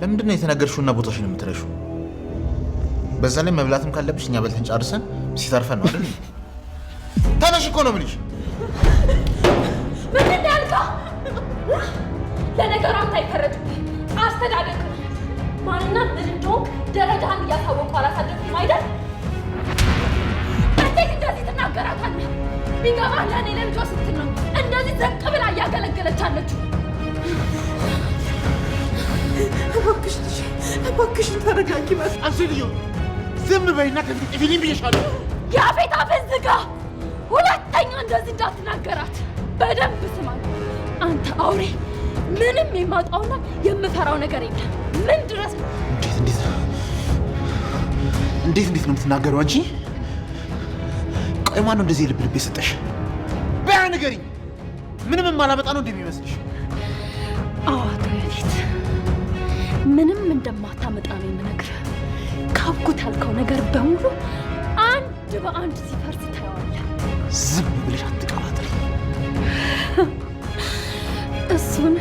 ለምንድን ነው የተናገርሽውና ቦታሽን የምትረሹ? በዛ ላይ መብላትም ካለብሽ እኛ በልተን ጨርሰን ሲተርፈን ነው አይደል? ተነሽ እኮ ነው የምልሽ። ምን እንዳልከ ለነገሩ አንተ አይፈረድብህ። አስተዳደግ ማንና ምን እንደሆንክ ደረጃህን እያሳወቁ አላሳደግም አይደል? እንዴት እንደዚህ ትናገራታለህ? ቢገባህ ለእኔ ለልጇ ስትል ነው እንደዚህ ዘቅ ብላ እያገለገለች አለችው። እባክሽ ልጄ፣ እባክሽን ተረጋጊ። መስ አንቺ ዝም በይና ከፊት ጥፊልኝ የአፌት አፍን ዝጋ። ሁለተኛ እንደዚህ እንዳትናገራት። በደንብ ስማ አንተ አውሬ። ምንም የማውጣውና የምፈራው ነገር የለም። ምን ድረስ እንዴት እንዴት ነው እንዴት እንዴት ነው የምትናገረው አንቺ? ቆይ ማነው እንደዚህ ልብ ልብ የሰጠሽ? በያ ንገሪኝ። ምንም የማላመጣ ነው እንደሚመስልሽ? አዎ አቶ ያፌት ምንም እንደማታመጣ ነው የምነግርህ። ካብኩት ያልከው ነገር በሙሉ አንድ በአንድ ሲፈርስ ታየዋለህ። ዝም ብለሽ አትቀባጥሪ። እሱን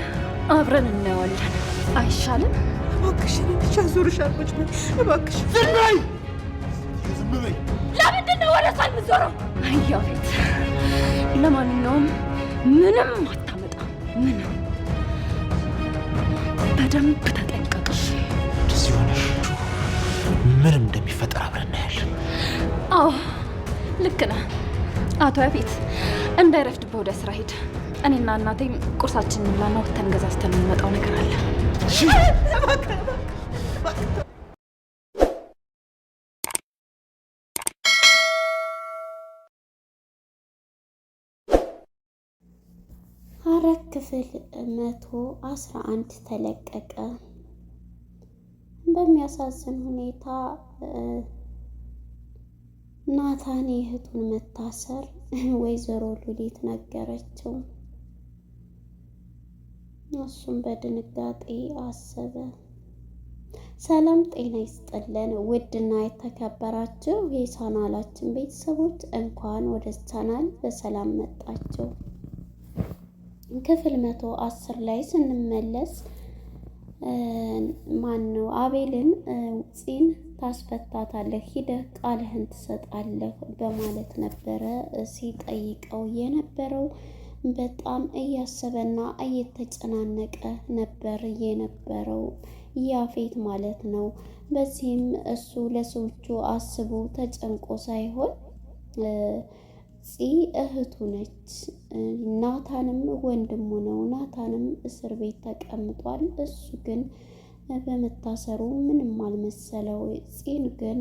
አብረን እናየዋለን። አይሻልም? እባክሽን ብቻ ዞርሻል። ቁጭ በይ እባክሽ። ዝናይ በይ ዝም በይ። ለምንድን ነው ወደ ሳል የምትዞረው? አያቤት ለማንኛውም ምንም አታመጣ። ምንም በደንብ ተ ምን እንደሚፈጠር አብረን እናያለን። አዎ ልክ ነህ አቶ ያፌት። እንዳይረፍድብህ ወደ ስራ ሂድ። እኔና እናቴ ቁርሳችንን ብላና ወተን ገዛዝተን የምንመጣው ነገር አለ። ሐረግ ክፍል መቶ አስራ አንድ ተለቀቀ። በሚያሳዝን ሁኔታ ናታን የእህቱን መታሰር ወይዘሮ ሉሊት ነገረችው። እሱም በድንጋጤ አሰበ። ሰላም ጤና ይስጥልን ውድና የተከበራችሁ የቻናላችን ቤተሰቦች እንኳን ወደ ቻናል በሰላም መጣችሁ። ክፍል መቶ አስር ላይ ስንመለስ ማን ነው አቤልን ፂን ታስፈታታለህ፣ ሂደህ ቃልህን ትሰጣለህ በማለት ነበረ ሲጠይቀው የነበረው። በጣም እያሰበና እየተጨናነቀ ነበር የነበረው ያፌት ማለት ነው። በዚህም እሱ ለሰዎቹ አስቦ ተጨንቆ ሳይሆን ፂ እህቱ ነች። ናታንም ወንድሙ ነው። ናታንም እስር ቤት ተቀምጧል። እሱ ግን በመታሰሩ ምንም አልመሰለው። ፂን ግን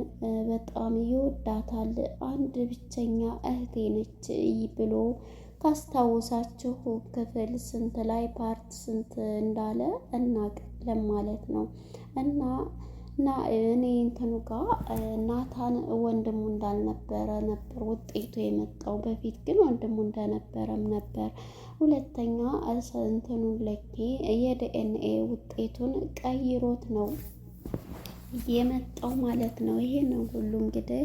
በጣም ይወዳታል። አንድ ብቸኛ እህቴ ነች ብሎ ካስታወሳችሁ ክፍል ስንት ላይ ፓርት ስንት እንዳለ እናቅለም ማለት ነው እና እና እኔ እንትኑ ጋ ናታን ወንድሙ እንዳልነበረ ነበር ውጤቱ የመጣው። በፊት ግን ወንድሙ እንደነበረም ነበር። ሁለተኛ እንትኑ ለኪ የዲኤንኤ ውጤቱን ቀይሮት ነው የመጣው ማለት ነው። ነው ሁሉ እንግዲህ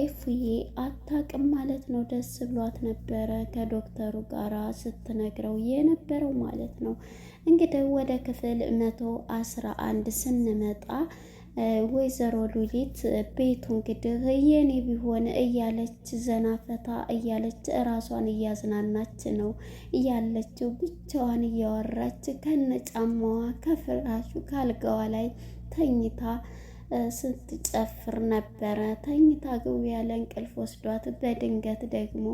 ኤፉዬ አታቅም ማለት ነው። ደስ ብሏት ነበረ ከዶክተሩ ጋራ ስትነግረው የነበረው ማለት ነው። እንግዲህ ወደ ክፍል መቶ አስራ አንድ ስንመጣ ወይዘሮ ሉሊት ቤቱ እንግዲህ የኔ ቢሆን እያለች ዘና ፈታ እያለች እራሷን እያዝናናች ነው እያለችው ብቻዋን እያወራች ከነጫማዋ ከፍራሹ ካልጋዋ ላይ ተኝታ ስትጨፍር ነበረ። ተኝታ ግቡ ያለ እንቅልፍ ወስዷት በድንገት ደግሞ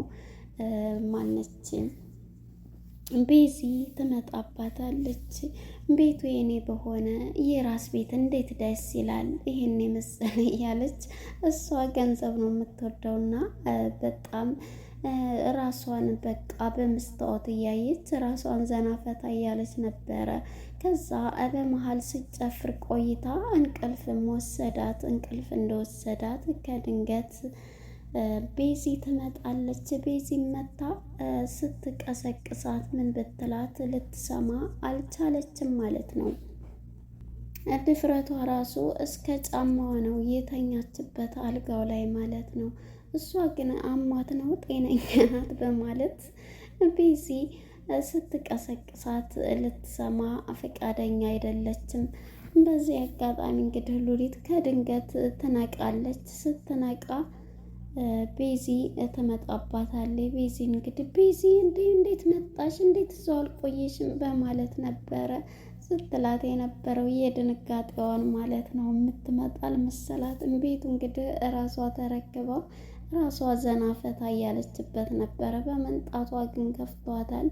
ማነች ቤዚ ትመጣባታለች። ቤቱ የኔ በሆነ የራስ ቤት እንዴት ደስ ይላል፣ ይሄን የመሰለ እያለች እሷ ገንዘብ ነው የምትወደውና በጣም ራሷን በቃ በመስታወት እያየች ራሷን ዘና ፈታ እያለች ነበረ። ከዛ በመሀል ስጨፍር ቆይታ እንቅልፍም ወሰዳት። እንቅልፍ እንደወሰዳት ከድንገት ቤዚ ትመጣለች። ቤዚ መታ ስትቀሰቅሳት ምን ብትላት ልትሰማ አልቻለችም ማለት ነው። ድፍረቷ ራሱ እስከ ጫማዋ ነው የተኛችበት አልጋው ላይ ማለት ነው። እሷ ግን አማት ነው ጤነኛ ናት በማለት ቢዚ ስትቀሰቅሳት ልትሰማ ፈቃደኛ አይደለችም። በዚህ አጋጣሚ እንግዲህ ሉሊት ከድንገት ትነቃለች። ስትነቃ ቤዚ ትመጣባታለች። ቤዚ እንግዲህ ቤዚ እንዴ እንዴት መጣሽ? እንዴት እዛው አልቆየሽም? በማለት ነበረ ስትላት የነበረው የድንጋጤዋን ማለት ነው። የምትመጣል መሰላት ቤቱ እንግዲህ እራሷ ተረክበው ራሷ ዘና ፈታ እያለችበት ነበረ። በመንጣቷ ግን ከፍቷታል።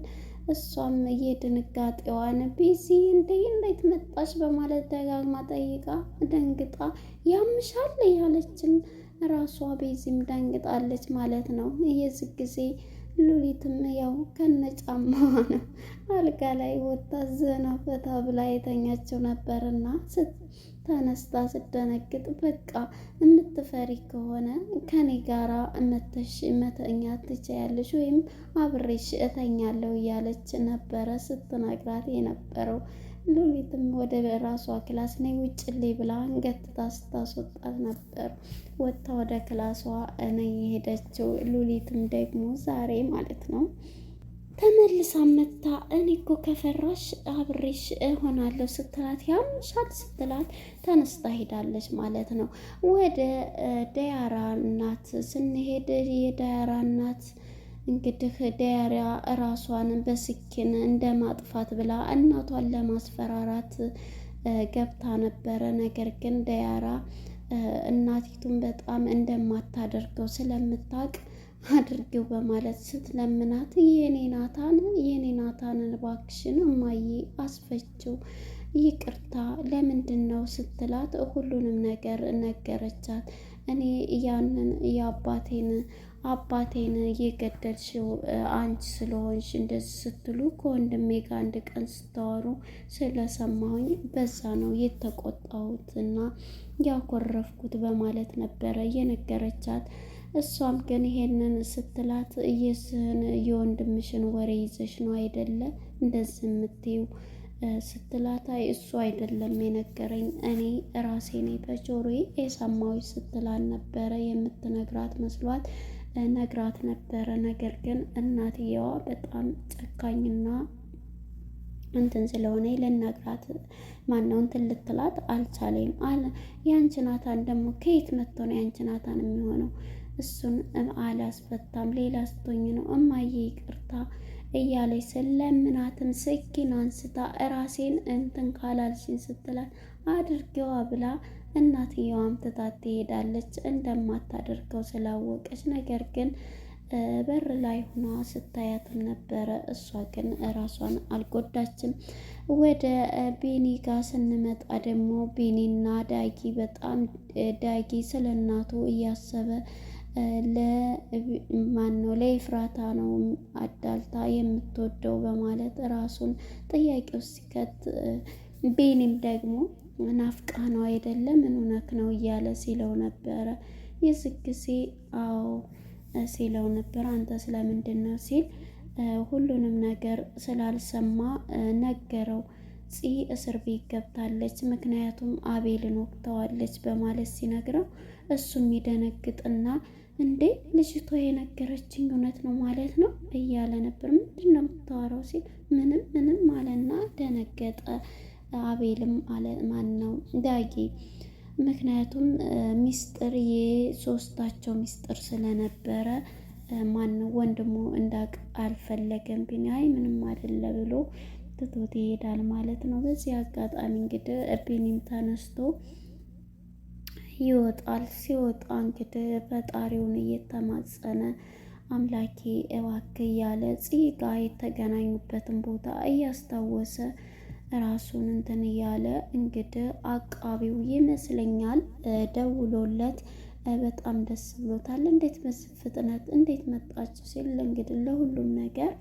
እሷም የድንጋጤዋን ቢዚ እንዴ እንዴት መጣሽ በማለት ደጋግማ ጠይቃ ደንግጣ ያምሻል እያለችም ራሷ ቤዚም ደንግጣለች ማለት ነው የዚህ ጊዜ ሉሊትም ያው ከነ ነው አልጋ ላይ ወጣ ዘና ፈታ ብላ የተኛችው ነበርና ተነስታ ስደነግጥ በቃ የምትፈሪ ከሆነ ከኔ ጋራ መተሽ መተኛ ትችያለሽ ወይም አብሬሽ እተኛለሁ እያለች ነበረ ስትነግራት የነበረው። ሉሊትም ወደ ራሷ ክላስ ነይ ውጭልኝ ብላ አንገትታ ስታስወጣት ነበር። ወጥታ ወደ ክላሷ እኔ የሄደችው ሉሊትም ደግሞ ዛሬ ማለት ነው ተመልሳ መታ እኔ እኮ ከፈራሽ አብሬሽ እሆናለሁ ስትላት ያምሻል ስትላት ተነስታ ሄዳለች ማለት ነው። ወደ ዳያራ እናት ስንሄድ የዳያራ እናት እንግዲህ ዳያሪያ እራሷን በስኪን እንደማጥፋት ብላ እናቷን ለማስፈራራት ገብታ ነበረ። ነገር ግን ዳያራ እናቲቱን በጣም እንደማታደርገው ስለምታውቅ አድርጊው በማለት ስትለምናት የኔ ናታን የኔ ናታንን እባክሽን እማዬ አስፈችው ይቅርታ ለምንድን ነው ስትላት ሁሉንም ነገር ነገረቻት። እኔ ያንን የአባቴን አባቴን እየገደልሽው አንቺ ስለሆንሽ እንደዚህ ስትሉ ከወንድሜ ጋር አንድ ቀን ስታወሩ ስለሰማሁኝ በዛ ነው እና ያኮረፍኩት በማለት ነበረ የነገረቻት። እሷም ግን ይሄንን ስትላት እየስህን የወንድምሽን ወሬ ይዘሽ ነው አይደለ እንደዚህ የምትይው ስትላት አይ እሱ አይደለም የነገረኝ እኔ ራሴ ነኝ በጆሮዬ የሰማሁሽ ነበረ የምትነግራት መስሏት ነግራት ነበረ። ነገር ግን እናትየዋ በጣም ጨካኝና እንትን ስለሆነ ልነግራት ማነው እንትን ልትላት አልቻለኝም አለ። የአንቺ ናታን ደግሞ ከየት መጥቶ ነው የአንቺ ናታን የሚሆነው? እሱን አላስፈታም ሌላ ስቶኝ ነው እማዬ ይቅርታ እያለች ስለምናትም ስኪን አንስታ እራሴን እንትን ካላልሽን ስትላት አድርጌዋ ብላ እናትየዋም ትታት ትሄዳለች እንደማታደርገው ስላወቀች። ነገር ግን በር ላይ ሆና ስታያትም ነበረ። እሷ ግን ራሷን አልጎዳችም። ወደ ቤኒ ጋር ስንመጣ ደግሞ ቤኒና ዳጊ በጣም ዳጊ ስለ እናቱ እያሰበ ለማን ነው ለኤፍራታ ነው አዳልታ የምትወደው በማለት ራሱን ጥያቄ ውስጥ ሲከት ቤኒም ደግሞ ናፍቃ ነው አይደለም? ምን ሆነክ ነው እያለ ሲለው ነበረ። የዚህ ጊዜ አዎ ሲለው ነበር። አንተ ስለምንድን ነው ሲል ሁሉንም ነገር ስላልሰማ ነገረው። ፂ እስር ቤት ገብታለች፣ ምክንያቱም አቤልን ወቅተዋለች በማለት ሲነግረው እሱም ይደነግጥና እንዴ ልጅቷ የነገረችኝ እውነት ነው ማለት ነው እያለ ነበር። ምንድን ነው የምታወራው ሲል ምንም ምንም አለና ደነገጠ። አቤልም አለ ማን ነው ዳጊ። ምክንያቱም ሚስጥር የሶስታቸው ሚስጥር ስለነበረ ማን ነው ወንድሙ እንዳቅ አልፈለገም። ግን አይ ምንም አይደለ ብሎ ትቶት ይሄዳል ማለት ነው። በዚህ አጋጣሚ እንግዲህ ቢኒም ተነስቶ ይወጣል። ሲወጣ እንግዲህ ፈጣሪውን እየተማጸነ አምላኬ እባክህ እያለ ጽጋ የተገናኙበትን ቦታ እያስታወሰ ራሱን እንትን እያለ እንግዲህ አቃቢው ይመስለኛል ደውሎለት በጣም ደስ ብሎታል። እንዴት በስብ ፍጥነት እንዴት መጣችሁ ሲል እንግዲህ ለሁሉም ነገር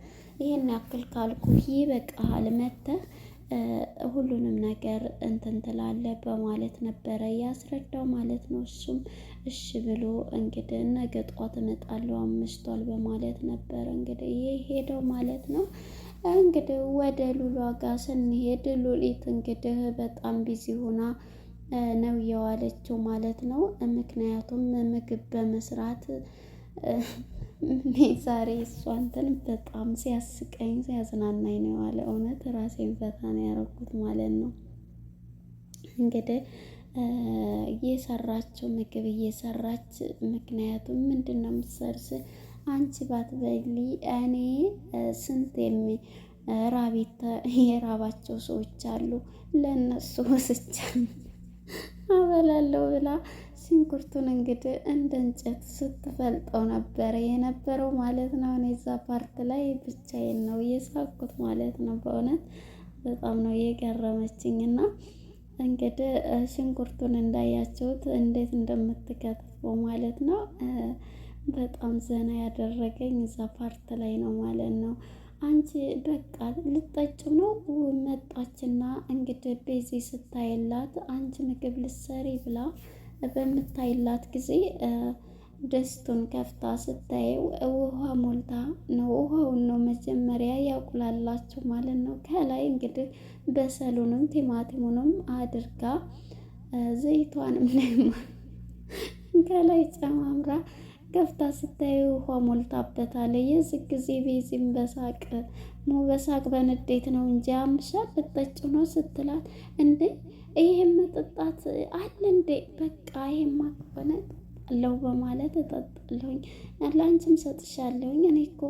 ይሄን ያክል ካልኩ ይበቃሃል መተህ ሁሉንም ነገር እንትን ትላለህ በማለት ነበረ ያስረዳው ማለት ነው። እሱም እሺ ብሎ እንግዲህ ነገ ጧት እመጣለሁ አምሽቷል በማለት ነበረ እንግዲህ ይሄ ሄደው ማለት ነው። እንግዲህ ወደ ሉሏ ጋር ስንሄድ ሉሊት እንግዲህ በጣም ቢዚ ሆና ነው የዋለችው ማለት ነው። ምክንያቱም ምግብ በመስራት ዛሬ እሷ እንትን በጣም ሲያስቀኝ ሲያዝናናኝ ነው ያለ እውነት ራሴን ፈታ ነው ያደረኩት ማለት ነው። እንግዲህ እየሰራችው ምግብ እየሰራች ምክንያቱም ምንድን ነው የምትሰርስ አንቺ ባትበሊ እኔ ስንት የሚ የራባቸው ሰዎች አሉ ለእነሱ ወስጃለሁ አበላለሁ ብላ ሽንኩርቱን እንግዲህ እንደ እንጨት ስትፈልጠው ነበረ የነበረው ማለት ነው። እኔ እዛ ፓርት ላይ ብቻዬን ነው የሳኩት ማለት ነው። በእውነት በጣም ነው የገረመችኝ እና እንግዲህ ሽንኩርቱን እንዳያችሁት እንዴት እንደምትከትፈው ማለት ነው። በጣም ዘና ያደረገኝ እዛ ፓርት ላይ ነው ማለት ነው። አንቺ በቃ ልጠጭም ነው መጣችና እንግዲህ ቤዚ ስታይላት አንቺ ምግብ ልሰሪ ብላ በምታይላት ጊዜ ደስቱን ከፍታ ስታየው ውሃ ሞልታ ነው። ውሃውን ነው መጀመሪያ ያቁላላችሁ ማለት ነው። ከላይ እንግዲህ በሰሉንም ቲማቲሙንም አድርጋ ዘይቷንም ከላይ ጨማምራ ከፍታ ስታዩ ውሃ ሞልታበታል። የዚህ ጊዜ ቤዚም በሳቅ ሞ በሳቅ በንዴት ነው እንጂ አምሻ ልጠጭ ነው ስትላት፣ እንዴ ይህ መጠጣት አለ እንዴ በቃ ይህም ከሆነ አለው በማለት እጠጣለሁኝ ለአንቺም ሰጥሻለሁኝ። እኔ እኮ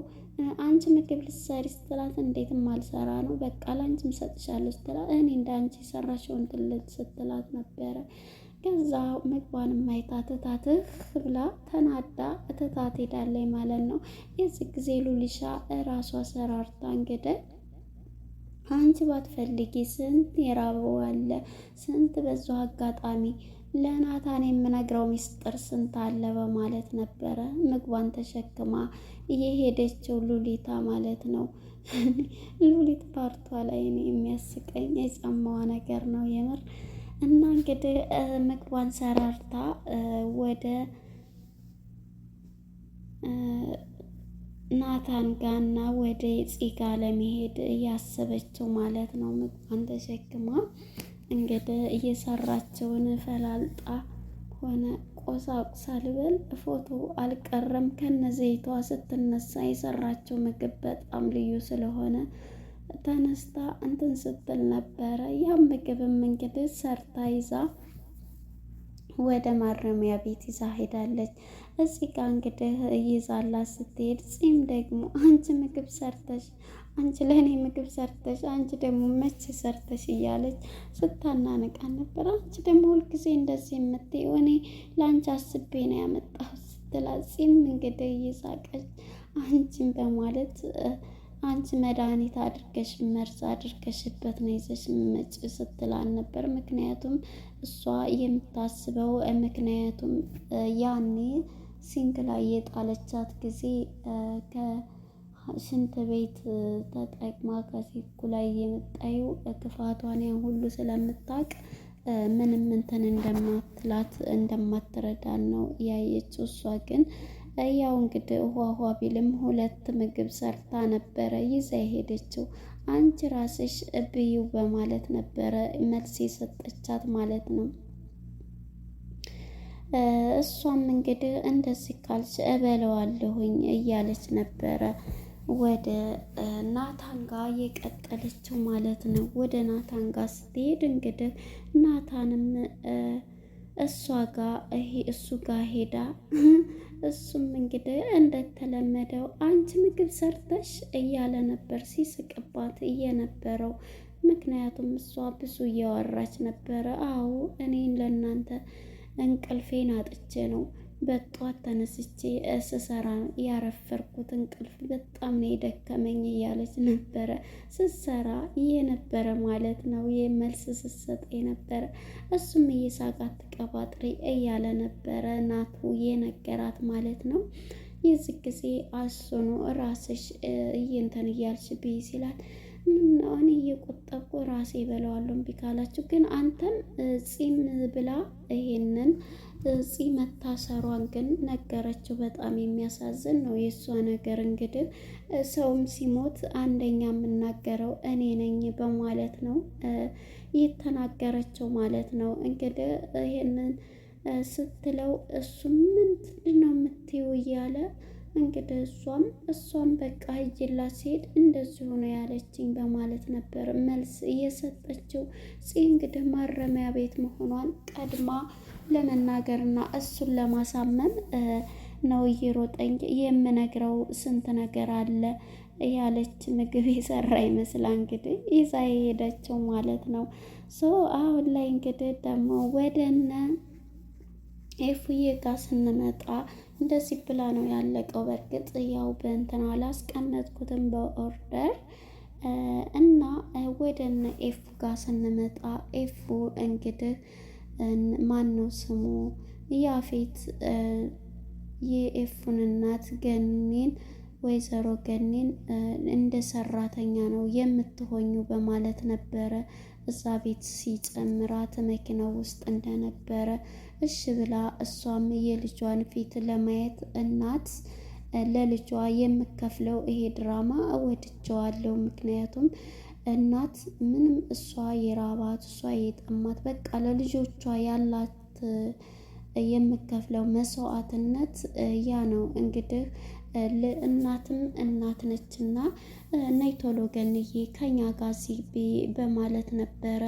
አንቺ ምግብ ልትሰሪ ስትላት እንዴት ማልሰራ ነው በቃ ለአንቺም ሰጥሻለሁ ስትላት፣ እኔ እንደ አንቺ የሰራሽውን ትልት ስትላት ነበረ ከዛ ምግቧን ማይታት እታትህ ብላ ተናዳ እትታት ሄዳለች ማለት ነው። የዚህ ጊዜ ሉሊሻ እራሷ ሰራርታ እንግዲህ አንቺ ባትፈልጊ ስንት የራበው አለ ስንት በዙ አጋጣሚ ለናታን የምነግረው ሚስጥር ስንት አለ በማለት ነበረ ምግቧን ተሸክማ እየሄደችው ሉሊታ ማለት ነው። ሉሊት ፓርቷ ላይ የሚያስቀኝ የጫማዋ ነገር ነው የምር እና እንግዲህ ምግቧን ሰራርታ ወደ ናታን ጋና ወደ ጽጋ ለመሄድ ያሰበችው ማለት ነው። ምግቧን ተሸክማ እንግዲህ እየሰራቸውን ፈላልጣ ሆነ ቆሳቁሳ ልበል ፎቶ አልቀረም ከነዘይቷ ስትነሳ የሰራቸው ምግብ በጣም ልዩ ስለሆነ ተነስታ እንትን ስትል ነበረ። ያም ምግብም እንግዲህ ሰርታ ይዛ ወደ ማረሚያ ቤት ይዛ ሄዳለች። እዚህ ጋር እንግዲህ ይዛላ ስትሄድ ጺም ደግሞ አንቺ ምግብ ሰርተሽ አንቺ ለእኔ ምግብ ሰርተሽ አንቺ ደግሞ መቼ ሰርተሽ እያለች ስታናነቃ ነበር። አንቺ ደግሞ ሁልጊዜ እንደዚህ የምትይው እኔ ለአንቺ አስቤ ነው ያመጣሁት ስትላ ጺም እንግዲህ ይዛቀች አንቺን በማለት አንቺ መድኃኒት አድርገሽ መርዝ አድርገሽበት ነው ይዘሽ መጭ ስትላል ነበር። ምክንያቱም እሷ የምታስበው ምክንያቱም ያኔ ሲንክ ላይ የጣለቻት ጊዜ ከሽንት ቤት ተጠቅማ ከሲኩ ላይ የምጣዩ ክፋቷን ያን ሁሉ ስለምታውቅ ምንም እንትን እንደማትላት እንደማትረዳን ነው ያየችው እሷ ግን ያው እንግዲህ ውሃ ውሃ ቢልም ሁለት ምግብ ሰርታ ነበረ ይዛ የሄደችው። አንቺ ራስሽ እብዩ በማለት ነበረ መልስ የሰጠቻት ማለት ነው። እሷም እንግዲህ እንደዚህ ካልሽ እበለዋለሁኝ እያለች ነበረ ወደ ናታን ጋ የቀጠለችው ማለት ነው። ወደ ናታን ጋ ስትሄድ እንግዲህ ናታንም እሷ ጋር እሱ ጋር ሄዳ እሱም እንግዲህ እንደተለመደው አንቺ ምግብ ሰርተሽ እያለ ነበር ሲስቅባት እየነበረው። ምክንያቱም እሷ ብዙ እያወራች ነበረ። አዎ እኔን ለእናንተ እንቅልፌን አጥቼ ነው በጧት ተነስቼ ስሰራ ያረፈርኩት እንቅልፍ በጣም ነው የደከመኝ እያለች ነበረ ስሰራ የነበረ ማለት ነው የመልስ ስሰጥ የነበረ እሱም እየሳቃት ቀባጥሬ እያለ ነበረ ናቱ የነገራት ማለት ነው። የዚህ ጊዜ አሱኑ ራስሽ እየንተን እያልሽ ብይ ሲላት አሁን እየቆጠብኩ ራሴ እበላዋለሁ እምቢ ካላችሁ ግን አንተም ጺም ብላ ይሄንን እጽ መታሰሯን ግን ነገረችው። በጣም የሚያሳዝን ነው የእሷ ነገር። እንግዲህ ሰውም ሲሞት አንደኛ የምናገረው እኔ ነኝ በማለት ነው የተናገረችው ማለት ነው። እንግዲህ ይሄንን ስትለው እሱ ምንድን ነው የምትይው እያለ እንግዲህ እሷም እሷም በቃ ሂጂላት ሲሄድ እንደዚሁ ነው ያለችኝ በማለት ነበር መልስ እየሰጠችው። ጽ እንግዲህ ማረሚያ ቤት መሆኗን ቀድማ ለመናገርና እሱን ለማሳመን ነው እየሮጠኝ የምነግረው ስንት ነገር አለ ያለች ምግብ የሰራ ይመስላ እንግዲህ ይዛ የሄደችው ማለት ነው። ሶ አሁን ላይ እንግዲህ ደግሞ ወደነ ኤፉዬ ጋር ስንመጣ እንደዚህ ብላ ነው ያለቀው። በእርግጥ ያው በእንትን አላስቀመጥኩትም በኦርደር እና ወደነ ኤፉ ጋር ስንመጣ ኤፉ እንግዲህ ማን ነው ስሙ ያፌት የኤፉን እናት ገኒን ወይዘሮ ገኒን እንደ ሰራተኛ ነው የምትሆኙ በማለት ነበረ እዛ ቤት ሲጨምራት መኪናው ውስጥ እንደነበረ እሽ ብላ እሷም የልጇን ፊት ለማየት እናት ለልጇ የምከፍለው ይሄ ድራማ እወድጀዋለሁ። ምክንያቱም እናት ምንም እሷ የራባት እሷ የጠማት በቃ ለልጆቿ ያላት የምከፍለው መስዋዕትነት ያ ነው እንግዲህ እናትም እናት ነችና ነይ ቶሎ ገንዬ ከኛ ጋር በማለት ነበረ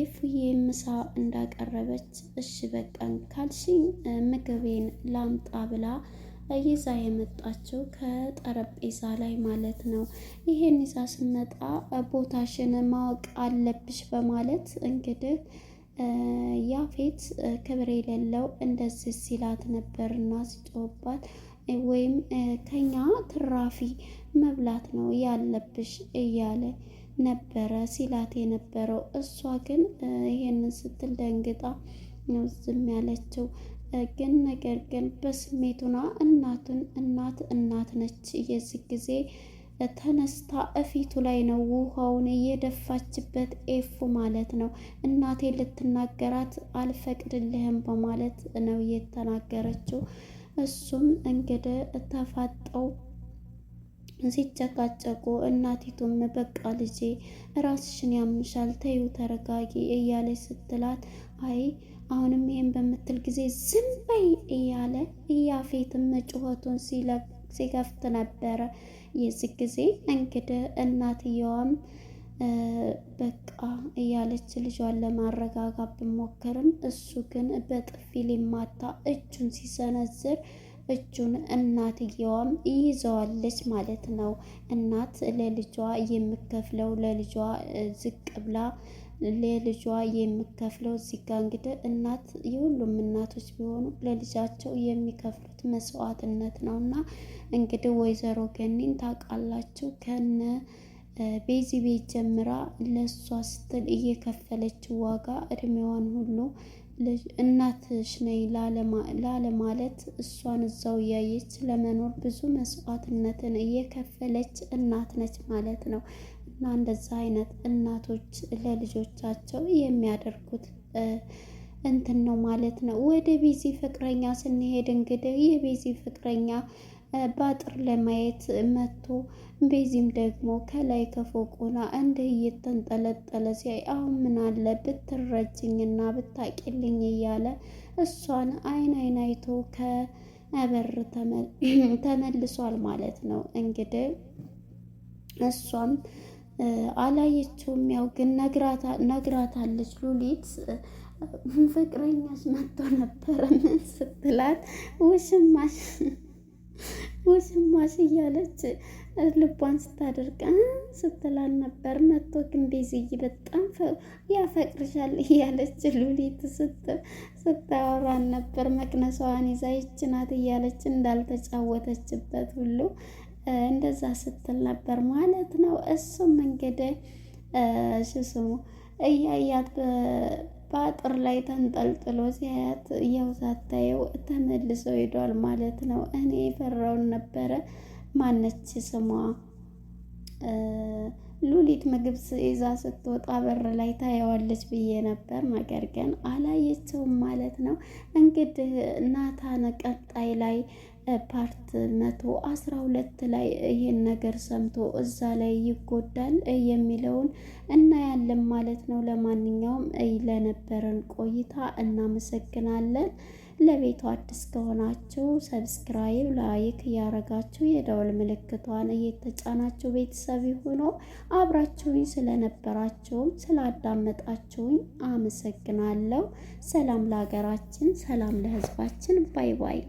ኤፉዬ ምሳ እንዳቀረበች እሺ በቀን ካልሽኝ ምግቤን ላምጣ ብላ ይዛ የመጣችው ከጠረጴዛ ላይ ማለት ነው። ይሄን ይዛ ስመጣ ቦታሽን ማወቅ አለብሽ በማለት እንግዲህ ያፌት ክብር የሌለው እንደዚህ ሲላት ነበርና ሲጮህባት ወይም ከኛ ትራፊ መብላት ነው ያለብሽ እያለ ነበረ ሲላት የነበረው። እሷ ግን ይሄንን ስትል ደንግጣ ነው ዝም ያለችው። ግን ነገር ግን በስሜቱና እናቱን እናት እናት ነች የዚህ ጊዜ ተነስታ እፊቱ ላይ ነው ውሃውን እየደፋችበት ኤፉ ማለት ነው። እናቴ ልትናገራት አልፈቅድልህም በማለት ነው የተናገረችው። እሱም እንግዲህ ተፋጠው ሲጨቃጨቁ እናቲቱም በቃ ልጄ ራስሽን ያምሻል ተዩ ተረጋጊ እያለች ስትላት አይ አሁንም ይሄን በምትል ጊዜ ዝም በይ እያለ እያፌትም ጩኸቱን ሲለብ ሲከፍት ነበረ። የዚህ ጊዜ እንግዲህ እናትየዋም በቃ እያለች ልጇን ለማረጋጋት ብሞክርም እሱ ግን በጥፊ ሊማታ እጁን ሲሰነዝር እጁን እናትየዋም ይዘዋለች ማለት ነው። እናት ለልጇ የምከፍለው ለልጇ ዝቅ ብላ ለልጇ የምከፍለው እዚህ ጋ እንግዲህ እናት የሁሉም እናቶች ቢሆኑ ለልጃቸው የሚከፍሉት መስዋዕትነት ነው እና እንግዲህ ወይዘሮ ገኒን ታውቃላችሁ ከነ ቤዚ ቤት ጀምራ ለእሷ ስትል እየከፈለችው ዋጋ እድሜዋን ሁሉ እናትሽ ነይ ላለማለት እሷን እዛው እያየች ለመኖር ብዙ መስዋዕትነትን እየከፈለች እናት ነች ማለት ነው። እና እንደዛ አይነት እናቶች ለልጆቻቸው የሚያደርጉት እንትን ነው ማለት ነው። ወደ ቤዚ ፍቅረኛ ስንሄድ እንግዲህ የቤዚ ፍቅረኛ በአጥር ለማየት መጥቶ ቤዚም ደግሞ ከላይ ከፎቁና እንደ እየተንጠለጠለ ሲያይ አሁን ምን አለ ብትረጅኝና ብታቂልኝ እያለ እሷን አይን አይን አይቶ ከበር ተመልሷል ማለት ነው እንግዲህ እሷም አላየችውም። ያው ግን ነግራታለች። ሉሊት ፍቅረኛሽ መጥቶ ነበረ ምን ስትላት ውሽማሽ ውሽማሽ እያለች ልቧን ስታደርግ ስትላል ነበር። መጥቶ ግን ቤዝይ በጣም ያፈቅርሻል እያለች ሉሊት ስታወራን ነበር። መቅነሷዋን ይዛ ይችናት እያለች እንዳልተጫወተችበት ሁሉ እንደዛ ስትል ነበር ማለት ነው። እሱም እንግዲህ ስሙ እያያት በአጥር ላይ ተንጠልጥሎ ሲያያት ያው ሳታየው ተመልሶ ሄዷል ማለት ነው። እኔ የፈራውን ነበረ። ማነች ስሟ ሉሊት ምግብ ይዛ ስትወጣ በር ላይ ታየዋለች ብዬ ነበር፣ ነገር ግን አላየችውም ማለት ነው። እንግዲህ ናታን ቀጣይ ላይ ፓርት መቶ አስራ ሁለት ላይ ይሄን ነገር ሰምቶ እዛ ላይ ይጎዳል የሚለውን እናያለን ማለት ነው። ለማንኛውም ለነበረን ቆይታ እናመሰግናለን። ለቤቱ አዲስ ከሆናችሁ ሰብስክራይብ፣ ላይክ እያረጋችሁ የደወል ምልክቷን እየተጫናችሁ ቤተሰብ ሆኖ አብራችሁኝ ስለነበራችሁም ስላዳመጣችሁኝ አመሰግናለሁ። ሰላም ለሀገራችን፣ ሰላም ለሕዝባችን። ባይ ባይ